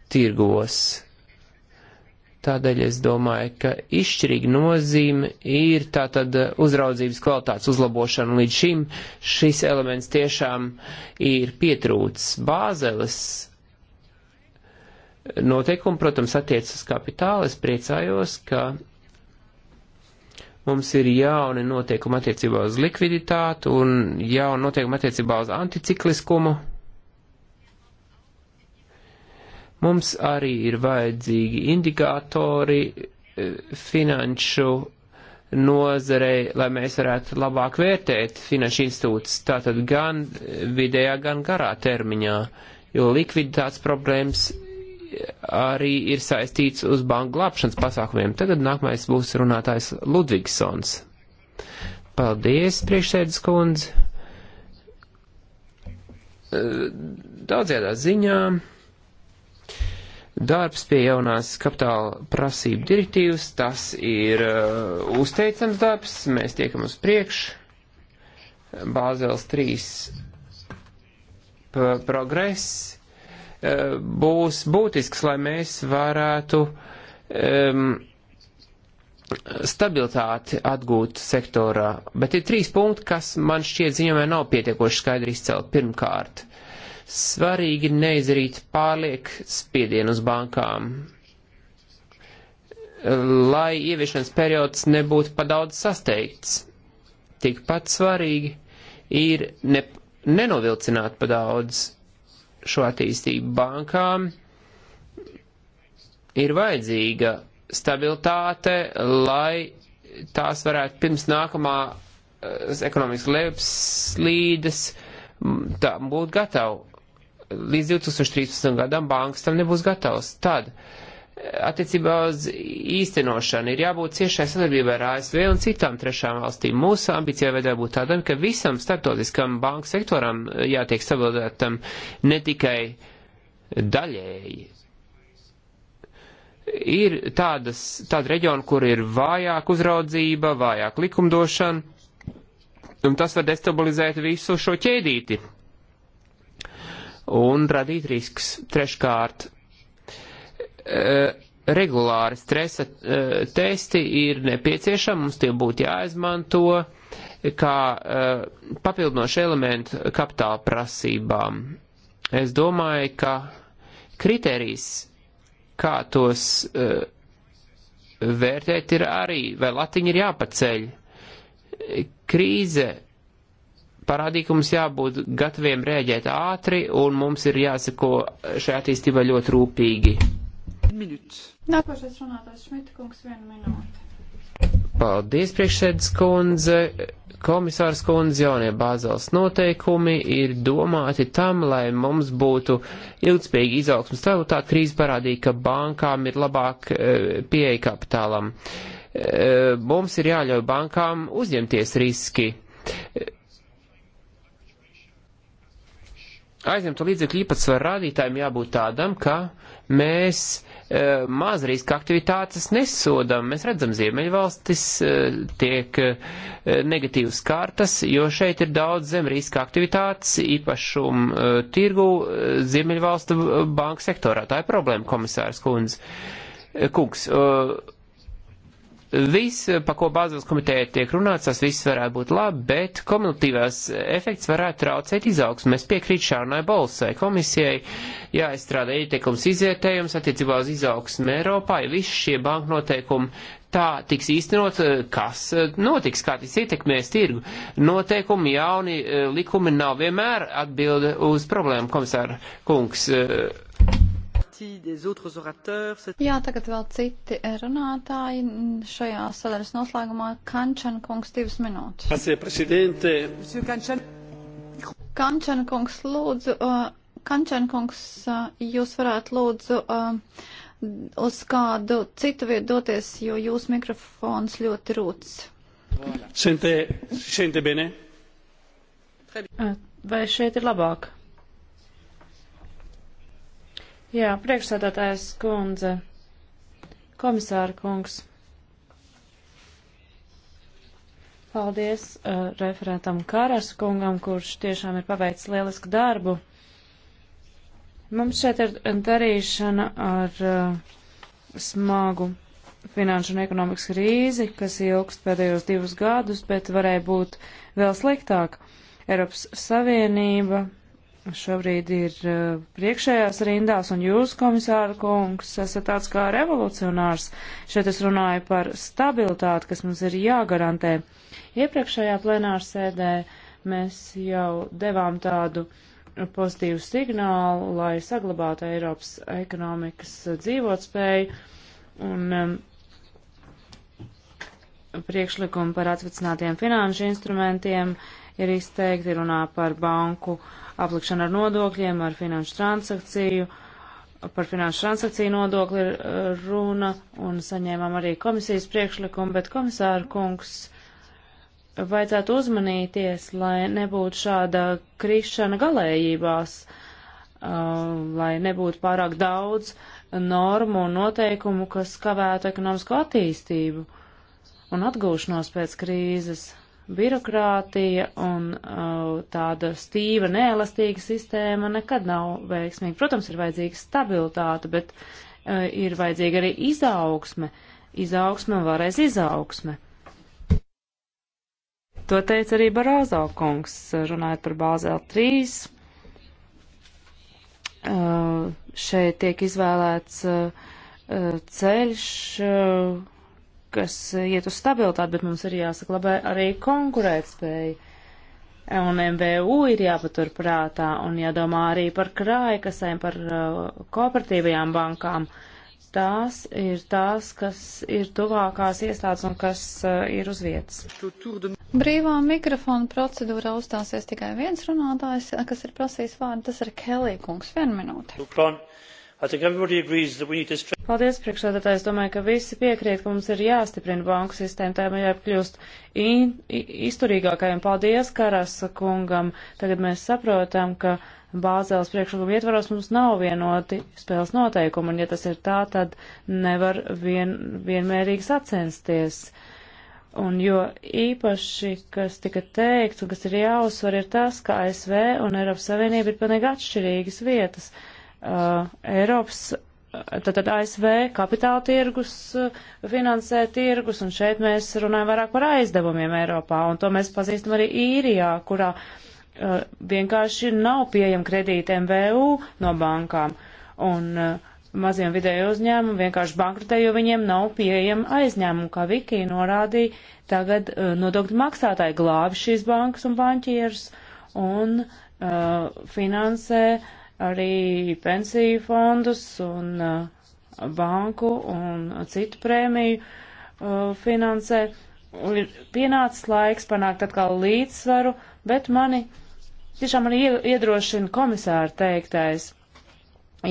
tirgos. Tādēļ es domāju, ka izšķirīga nozīme ir tātad eh, uzraudzības kvalitātes uzlabošana. Līdz šim šis elements tiešām ir pietrūcis. Bāzeles noteikumi, protams, attiec uz kapitālu. Es priecājos, ka mums ir jauni noteikumi attiecībā uz likviditātu un jauni noteikumi attiecībā uz anticikliskumu Mums arī ir vajadzīgi indikātori e, finanšu nozarei, lai mēs varētu labāk vērtēt finanšu institūts, tātad gan vidējā, gan garā termiņā, jo likviditātes problēmas arī ir saistīts uz banku glābšanas pasākumiem. Tagad nākamais būs runātājs Ludvigsons. Paldies, priekšsēdus kundze. E, Daudzjādā ziņā. Darbs pie jaunās kapitāla prasību direktīvas, tas ir uh, uzteicams darbs, mēs tiekam uz priekšu. Bāzels 3 progress uh, būs būtisks, lai mēs varētu um, stabilitāti atgūt sektorā. Bet ir trīs punkti, kas man šķiet ziņojumā nav pietiekoši skaidri izcelt. Pirmkārt, uh, Svarīgi neizrīt pārliek spiedienu uz bankām, lai ieviešanas periods nebūtu padaudz sasteigts. Tikpat svarīgi ir ne, nenovilcināt padaudz šo attīstību bankām. Ir vajadzīga stabilitāte, lai tās varētu pirms nākamā eh, ekonomikas lejupslīdes būt gatavu līdz 2013. gadam bankas tam nebūs gatavs. Tad attiecībā uz īstenošanu ir jābūt ciešai sadarbībai ar ASV un citām trešām valstīm. Mūsu ambīcijai vajadzētu būt tādam, ka visam starptautiskam banku sektoram jātiek stabilizētam ne tikai daļēji. Ir tādas, tāda reģiona, kur ir vājāk uzraudzība, vājāk likumdošana, un tas var destabilizēt visu šo ķēdīti un radīt risks. Treškārt, eh, regulāri stresa eh, testi ir nepieciešami, mums tie būtu jāizmanto kā eh, papildinoši elementi kapitāla prasībām. Es domāju, ka kriterijs, kā tos vērtēt, ir arī, vai latiņi ir jāpaceļ. Krīze parādīja, ka mums jābūt gataviem rēģēt ātri un mums ir jāsako šajā attīstībā ļoti rūpīgi. Minūtes. Nākošais runātājs Šmita kungs vienu minūti. Paldies, priekšsēdus kundze. Komisārs kundze, jaunie bāzels noteikumi ir domāti tam, lai mums būtu ilgspējīgi izaugsmas. Tā, tā krīze parādīja, ka bankām ir labāk e, pieeja kapitālam. E, mums ir jāļauj bankām uzņemties riski aizņemto līdzekļu īpatsvaru rādītājiem jābūt tādam, ka mēs e, maz riska aktivitātes nesodam. Mēs redzam, Ziemeļvalstis e, tiek e, negatīvas kārtas, jo šeit ir daudz zem riska aktivitātes īpašumu e, tirgu e, Ziemeļvalstu banku sektorā. Tā ir problēma, komisārs Kunz. E, kungs. E, Viss, pa ko bāzes komitēja tiek runāts, tas viss varētu būt labi, bet kumulatīvās efekts varētu traucēt izaugsmu. Mēs piekrīt Šārnai Bolsai komisijai, jāizstrādā ietekums izvietējums attiecībā uz izaugsmu Eiropā, ja visi šie banku noteikumi tā tiks īstenot, eh, kas eh, notiks, kā tas ietekmēs tirgu. Noteikumi jauni eh, likumi nav vienmēr atbilde uz problēmu, komisāra kungs. Jā, tagad vēl citi runātāji. Šajā sadaļas noslēgumā Kančana kungs divas minūtes. Kančana kungs, lūdzu, uh, Kančana kungs, uh, jūs varētu lūdzu uh, uz kādu citu vietu doties, jo jūsu mikrofons ļoti rūts. Sente, sente bene. Vai šeit ir labāk? Jā, priekšsēdētājs kundze, komisāra kungs. Paldies uh, referentam Kāras kungam, kurš tiešām ir paveicis lielisku darbu. Mums šeit ir darīšana ar uh, smagu finanšu un ekonomikas krīzi, kas ilgst pēdējos divus gadus, bet varēja būt vēl sliktāk. Eiropas Savienība šobrīd ir eh, priekšējās rindās, un jūs, komisāra kungs, esat tāds kā revolucionārs. Šeit es runāju par stabilitāti, kas mums ir jāgarantē. Iepriekšējā plenāra sēdē mēs jau devām tādu pozitīvu signālu, lai saglabātu Eiropas ekonomikas dzīvotspēju, un um, priekšlikumi par atvecinātiem finanšu instrumentiem ir izteikti runā par banku uh, aplikšana ar nodokļiem, ar finanšu transakciju, par finanšu transakciju nodokli ir eh, runa, un saņēmām arī komisijas priekšlikumu, bet komisāra kungs vajadzētu uzmanīties, lai nebūtu šāda krišana galējībās, eh, lai nebūtu pārāk daudz normu un noteikumu, kas kavētu ekonomisko attīstību un atgūšanos pēc krīzes birokrātija un uh, tāda stīva, neelastīga sistēma nekad nav veiksmīga. Protams, ir vajadzīga stabilitāte, bet uh, ir vajadzīga arī izaugsme, izaugsme un vēlreiz izaugsme. To teica arī Barāzo kungs, runājot par Bāzēlu 3. Uh, šeit tiek izvēlēts uh, uh ceļš. Uh, kas iet uz stabilitāti, bet mums ir jāsaklabē arī konkurētspēja. Un MVU ir jāpatur prātā un jādomā arī par krājkasēm, par uh, kooperatīvajām bankām. Tās ir tās, kas ir tuvākās iestādes un kas uh, ir uz vietas. Brīvā mikrofona procedūra uzstāsies tikai viens runātājs, kas ir prasījis vārdu. Tas ir Kelī kungs. Vienu minūti. Lūkron. To... Paldies, priekšsēdētājs. Domāju, ka visi piekrīt, ka mums ir jāstiprina banku sistēma, tā jau kļūst izturīgākajam. Paldies, Karas kungam. Tagad mēs saprotam, ka Bāzēlas priekšlikuma ietvaros mums nav vienoti spēles noteikumi, un ja tas ir tā, tad nevar vien, vienmērīgi sacensties. Un jo īpaši, kas tika teikts un kas ir jāuzsver, ir tas, ka ASV un Eiropas Savienība ir pilnīgi atšķirīgas vietas. Uh, uh, Eiropas, uh, tātad ASV kapitāla tirgus uh, finansē tirgus, un šeit mēs runājam vairāk par aizdevumiem Eiropā, un to mēs pazīstam arī īrijā, kurā uh, vienkārši nav pieejama kredīta MVU no bankām. Un, uh, maziem vidēju uzņēmumu vienkārši bankrotē, jo viņiem nav pieejama aizņēmuma, kā Vikija norādīja. Tagad uh, nodokļu maksātāji glābi šīs bankas un banķierus un uh, finansē arī pensiju fondus un uh, banku un citu prēmiju uh, finansē. Ir pienācis laiks panākt atkal līdzsvaru, bet mani tiešām arī iedrošina komisāra teiktais.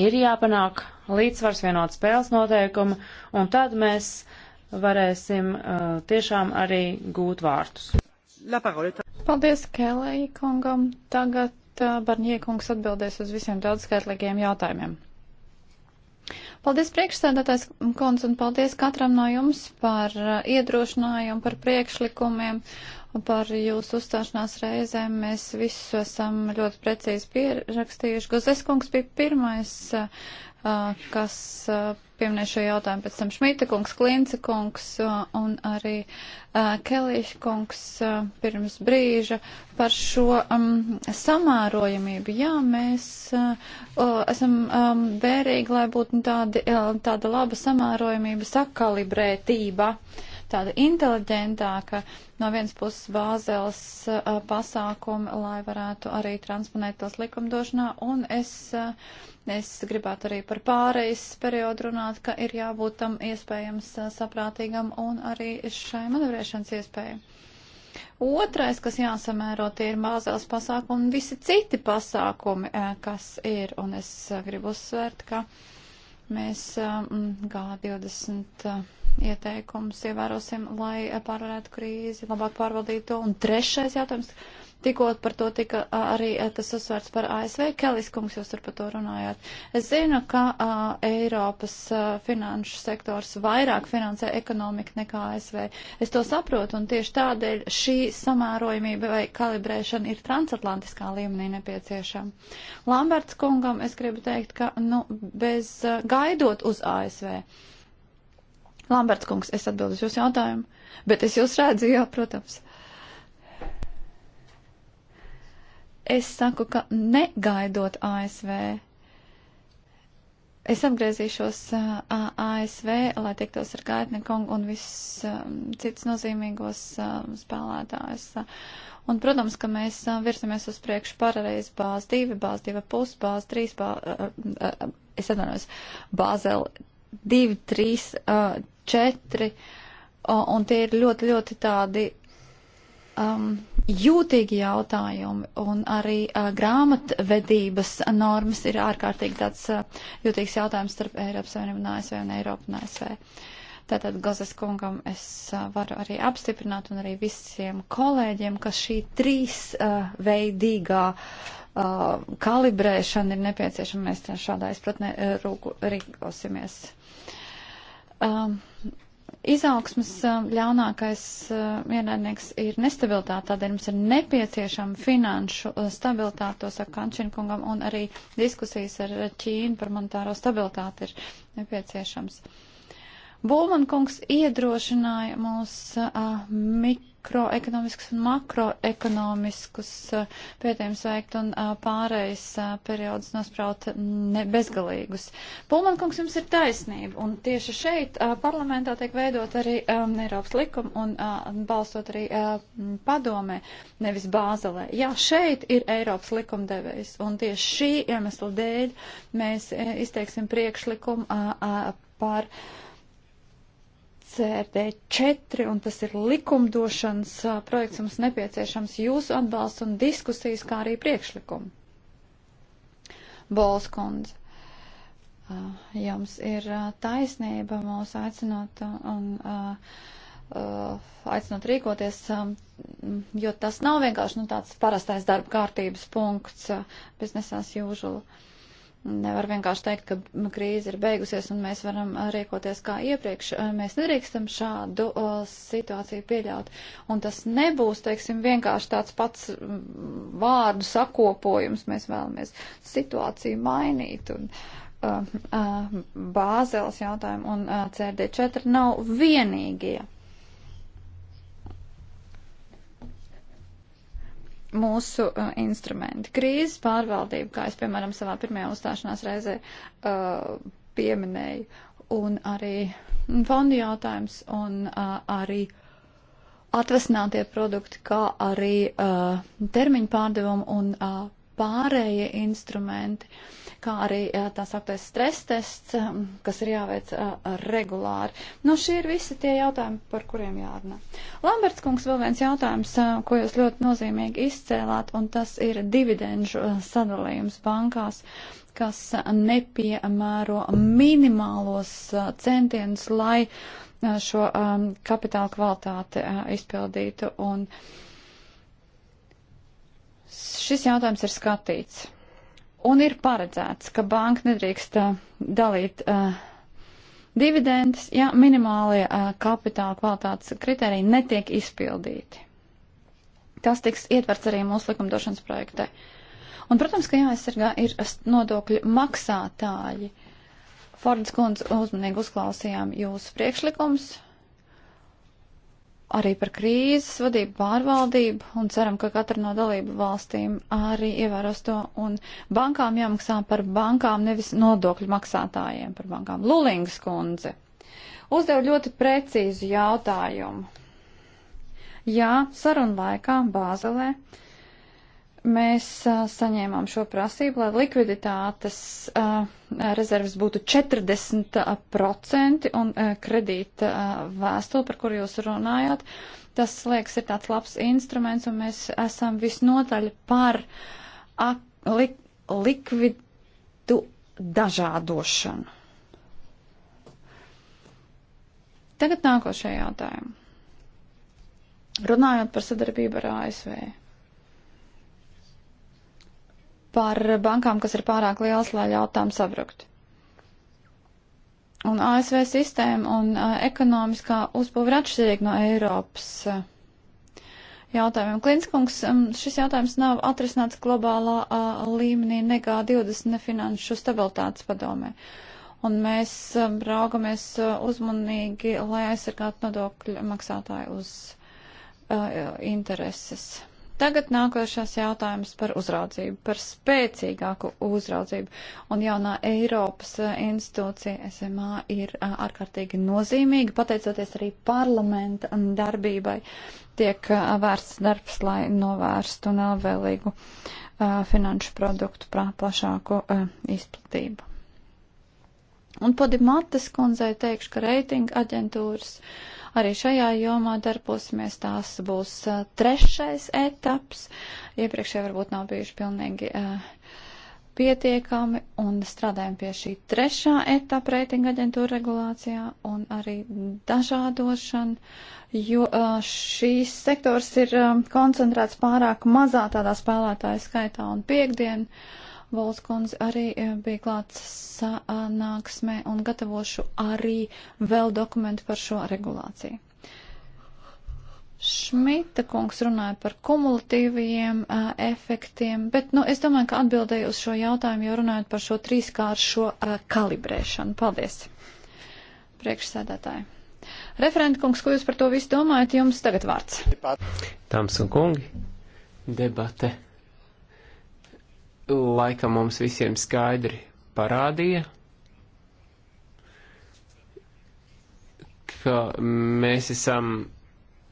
Ir jāpanāk līdzsvars vienot spēles noteikumu, un tad mēs varēsim uh, tiešām arī gūt vārtus. Paldies Kēlēji kungam. Tagad Tagad Barņiekungs atbildēs uz visiem daudzskaitlīgiem jautājumiem. Paldies priekšsēdētājs kundze un paldies katram no jums par iedrošinājumu, par priekšlikumiem un par jūsu uzstāšanās reizēm. Mēs visus esam ļoti precīzi pierakstījuši. Gozes kungs bija pirmais, kas pieminē šo jautājumu. Pēc tam Šmita kungs, Klinca kungs un arī Kelīša kungs pirms brīža par šo um, samērojamību. Jā, mēs uh, esam um, vērīgi, lai būtu tādi, tāda laba samērojamība, sakalibrētība. Uh, tāda inteliģentāka no vienas puses bāzēls uh, pasākumi, lai varētu arī transponēt tos likumdošanā. Un es, uh, es gribētu arī par pārejas periodu runāt, ka ir jābūt tam iespējams uh, saprātīgam un arī šai manevrēšanas iespējai. Otrais, kas jāsamēro, tie ir bāzēls pasākumi un visi citi pasākumi, uh, kas ir. Un es uh, gribu uzsvērt, ka mēs uh, G20. Uh, ieteikumus ievērosim, lai eh, pārvarētu krīzi, labāk pārvaldītu to. Un trešais jautājums, tikko par to tika arī tas uzsvērts par ASV. Kelis kungs, jūs tur par to runājāt. Es zinu, ka a, Eiropas a, finanšu sektors vairāk finansē ekonomiku nekā ASV. Es to saprotu, un tieši tādēļ šī samērojumība vai kalibrēšana ir transatlantiskā līmenī nepieciešama. Lamberts kungam es gribu teikt, ka nu, bez a, gaidot uz ASV Lamberts kungs, es atbildu uz jūsu jautājumu, bet es jūs redzu, jā, protams. Es saku, ka negaidot ASV, es atgriezīšos ASV, lai tiktos ar Gaitni kungu un visus citus nozīmīgos spēlētājus. Un, protams, ka mēs virsamies uz priekšu pareizi bāz 2, bāz 2 pus, bāz 3, bāz, es atvainojos, bāzel divi, trīs, uh, četri, uh, un tie ir ļoti, ļoti tādi um, jūtīgi jautājumi, un arī uh, grāmatvedības normas ir ārkārtīgi tāds uh, jūtīgs jautājums starp Eiropas Savienību un ASV un Eiropu un ASV. Uh, Tātad Gozes kungam es varu arī apstiprināt un arī visiem kolēģiem, ka šī trīs uh, veidīgā uh, kalibrēšana ir nepieciešama. Mēs šādā izpratnē rūku rīkosimies. Um, izaugsmas ļaunākais ienaidnieks ir nestabilitāte, tādēļ mums ir nepieciešama finanšu stabilitāte, to saka Kančinkungam, un arī diskusijas ar Ķīnu par monetāro stabilitāti ir nepieciešams. Uh, Būmankungs iedrošināja mūs uh, mikroekonomiskus un makroekonomiskus uh, pētījumus veikt un uh, pārējais uh, periods nospraut ne bezgalīgus. Būmankungs jums ir taisnība, un tieši šeit uh, parlamentā tiek veidot arī um, Eiropas likuma un uh, balstot arī uh, padomē, nevis bāzelē. Jā, šeit ir Eiropas likumdevējs, un tieši šī iemesla dēļ mēs uh, izteiksim priekšlikumu uh, uh, par. Uh, CRD 4, un tas ir likumdošanas projekts, mums nepieciešams jūsu atbalsts un diskusijas, kā arī priekšlikumi. Bolskundze, jums ir taisnība mūs aicinot un aicinot rīkoties, jo tas nav vienkārši nu, tāds parastais darba kārtības punkts biznesās jūžula. Nevar vienkārši teikt, ka krīze ir beigusies un mēs varam uh, rīkoties kā iepriekš. Uh, mēs nedrīkstam šādu uh, situāciju pieļaut. Un tas nebūs, teiksim, vienkārši tāds pats mm, vārdu sakopojums. Mēs vēlamies situāciju mainīt. Un, uh, uh, Bāzeles jautājumu un uh, CRD4 nav vienīgie mūsu uh, instrumenti. Krīzes pārvaldība, kā es, piemēram, savā pirmajā uzstāšanās reizē uh, pieminēju, un arī fondu jautājums, un uh, arī atvesinātie produkti, kā arī uh, termiņu pārdevumu un uh, pārējie instrumenti, kā arī eh, tā sauktais stres tests, mm, kas ir jāveic eh, regulāri. Nu, šie ir visi tie jautājumi, par kuriem jārunā. Lamberts kungs vēl viens jautājums, eh, ko jūs ļoti nozīmīgi izcēlāt, un tas ir dividenžu sadalījums bankās kas nepiemēro minimālos centienus, lai šo kapitāla kvalitāti izpildītu. Un, uh, Šis jautājums ir skatīts. Un ir paredzēts, ka banka nedrīkst uh, dalīt uh, dividendes, ja minimālie uh, kapitāla kvalitātes kriteriji netiek izpildīti. Tas tiks ietverts arī mūsu likumdošanas projektē. Un, protams, ka jāaizsargā ir nodokļu maksātāji. Fordas kundze uzmanīgi uzklausījām jūsu priekšlikums, arī par krīzes vadību, pārvaldību un ceram, ka katra no dalību valstīm arī ievēros to un bankām jāmaksā par bankām, nevis nodokļu maksātājiem par bankām. Lulings kundze uzdev ļoti precīzu jautājumu. Jā, sarunlaikā Bāzelē. Uh, mēs uh, saņēmām šo prasību, lai likviditātes uh, rezerves būtu 40% un uh, kredīta uh, vēstule, par kuru jūs runājāt, tas liekas ir tāds labs instruments un mēs esam visnotaļ par ak, li, likvidu dažādošanu. Tagad nākošajā jautājumā. Runājot par sadarbību ar ASV par bankām, kas ir pārāk lielas, lai ļautām sabrukt. Un ASV sistēma un uh, ekonomiskā uzbūve ir atšķirīga no Eiropas uh, jautājumiem. Klinskungs, um, šis jautājums nav atrisināts globālā uh, līmenī, ne G20, ne Finanšu stabilitātes padomē. Un mēs um, raugamies uh, uzmanīgi, lai aizsargātu nodokļu maksātāju uz uh, intereses. Tagad nākošais jautājums par uzraudzību, par spēcīgāku uzraudzību. Un jaunā Eiropas eh, institūcija SMA ir eh, ārkārtīgi nozīmīga, pateicoties arī parlamenta darbībai tiek eh, vērsts darbs, lai novērstu nelvēlīgu finanšu produktu plašāku izplatību. Un Podimates kundzei teikšu, ka reitinga aģentūras uh, Arī šajā jomā darbosimies. Tās būs uh, trešais etaps. Iepriekšēji varbūt nav bijuši pilnīgi. Uh, pietiekami un strādājam pie šī trešā etapa reitinga aģentūra regulācijā un arī dažādošana, jo šīs sektors ir koncentrēts pārāk mazā tādā spēlētāja skaitā un piekdienu Volskundze arī e, bija klāts sanāksmē un gatavošu arī vēl dokumentu par šo regulāciju. Šmita kungs runāja par kumulatīvajiem uh, efektiem, bet nu, es domāju, ka atbildēju uz šo jautājumu, jo runājot par šo trīskāršo uh, kalibrēšanu. Paldies, priekšsēdētāji. Referenta kungs, ko jūs par to visu domājat? Jums tagad vārds. Tams un kungi, debate laika mums visiem skaidri parādīja, ka mēs esam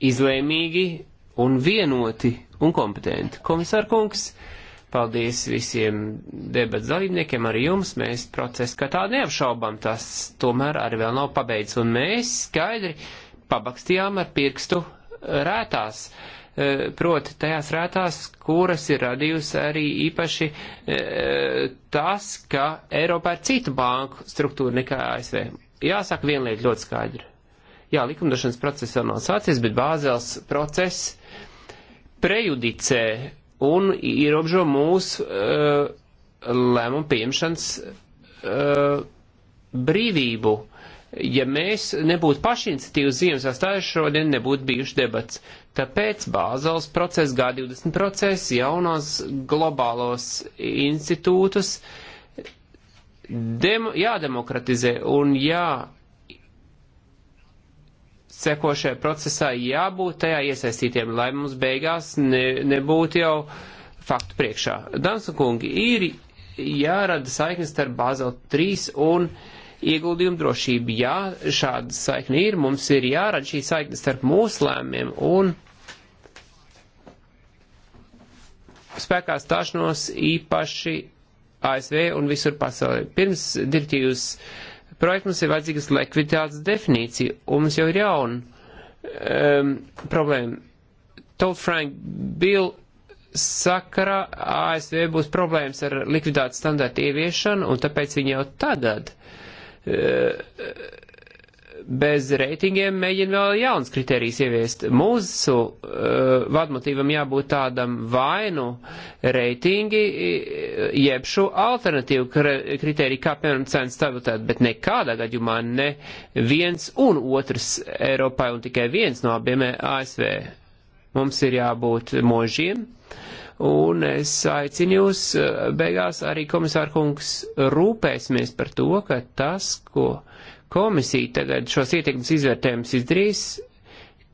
izlēmīgi un vienoti un kompetenti. Komisār kungs, paldies visiem debats dalībniekiem, arī jums. Mēs procesu, ka tā neapšaubām, tas tomēr arī vēl nav pabeidz. Un mēs skaidri pabakstījām ar pirkstu rētās. Uh, Eh, proti tajās rētās, kuras ir radījusi arī īpaši eh, tas, ka Eiropā ir cita banku struktūra nekā ASV. Jāsaka viena lieta ļoti skaidra. Jā, likumdošanas process vēl nav sācies, bet Bāzels process prejudicē un ierobežo mūsu uh, lēmumu pieņemšanas uh, brīvību. Uh, Ja mēs nebūtu pašiniciatīvas ziemas sastājuši, šodien nebūtu bijuši debats. Tāpēc Bāzels process, G20 process, jaunos globālos institūtus dem, jādemokratizē un jā sekošajā procesā jābūt tajā iesaistītiem, lai mums beigās ne, nebūtu jau faktu priekšā. Dāmas un kungi, ir jārada saiknes starp Bāzeli 3 un uh, ieguldījumu drošību. Jā, šāda saikne ir, mums ir jārada šī saikne starp mūsu lēmiem un spēkā stāšanos īpaši ASV un visur pasaulē. Pirms direktīvas projekta mums ir vajadzīgas likviditātes definīcija, un mums jau ir jauna um, problēma. Told Frank Bill sakara ASV būs problēmas ar likviditātes standartu ieviešanu, un tāpēc viņi jau tagad uh, bez reitingiem mēģina vēl jauns kriterijs ieviest. Mūsu uh, vadmotīvam jābūt tādam vainu reitingi, jeb šo alternatīvu kriteriju, kā piemēram cenu stabilitāti, bet nekādā gadījumā ne viens un otrs Eiropai un tikai viens no abiem ASV. Mums ir jābūt možiem. Uh, Un es aicinu jūs eh, beigās arī komisāra kungs rūpēsimies par to, ka tas, ko komisija tagad šos ietekmes izvērtējums izdarīs,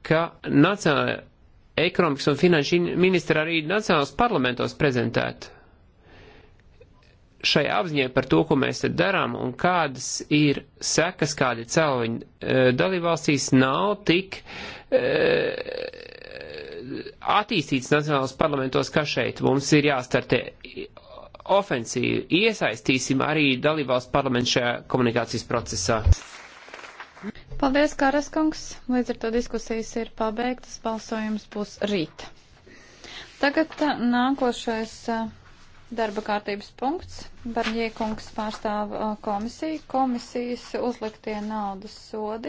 ka nacionālā ekonomikas un finanšu ministra arī nacionālos parlamentos prezentētu šai apziņai par to, ko mēs te darām un kādas ir sekas, kādi cēloņi eh, dalībvalstīs nav tik e, attīstīts nacionālos parlamentos, kā šeit mums ir jāstartē ofensīvu. Iesaistīsim arī dalībvalsts parlamentu šajā komunikācijas procesā. Paldies, Kāras kungs. Līdz ar to diskusijas ir pabeigtas. Balsojums būs rīt. Tagad uh, nākošais uh, darba kārtības punkts. Barņie kungs pārstāv uh, komisiju. Komisijas uzliktie naudas sodi.